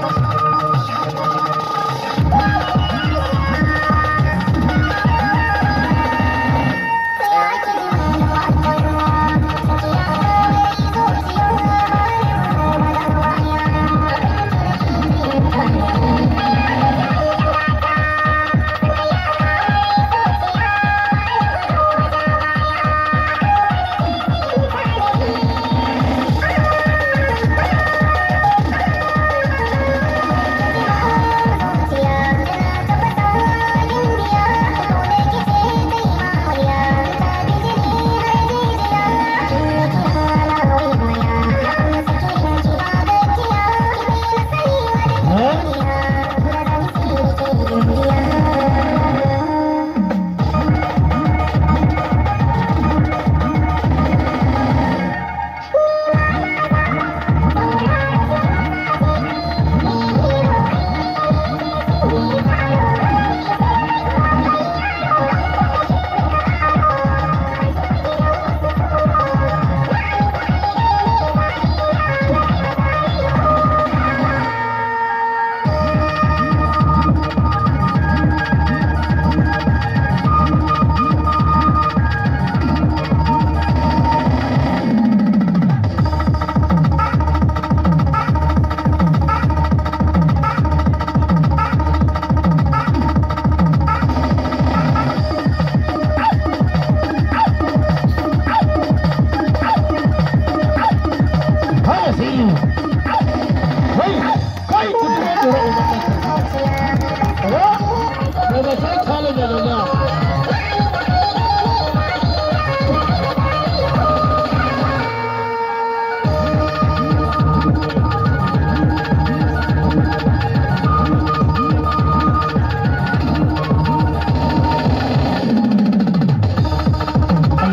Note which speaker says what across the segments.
Speaker 1: Música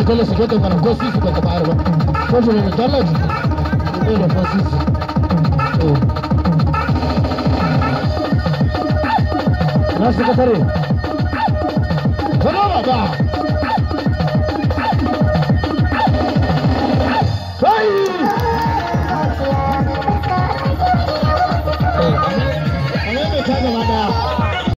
Speaker 2: Sikole sikote mwana gosi siko te paro. Kote ne dala di. Kote ne fosisi. Nasi katari.
Speaker 1: Kono ba ba.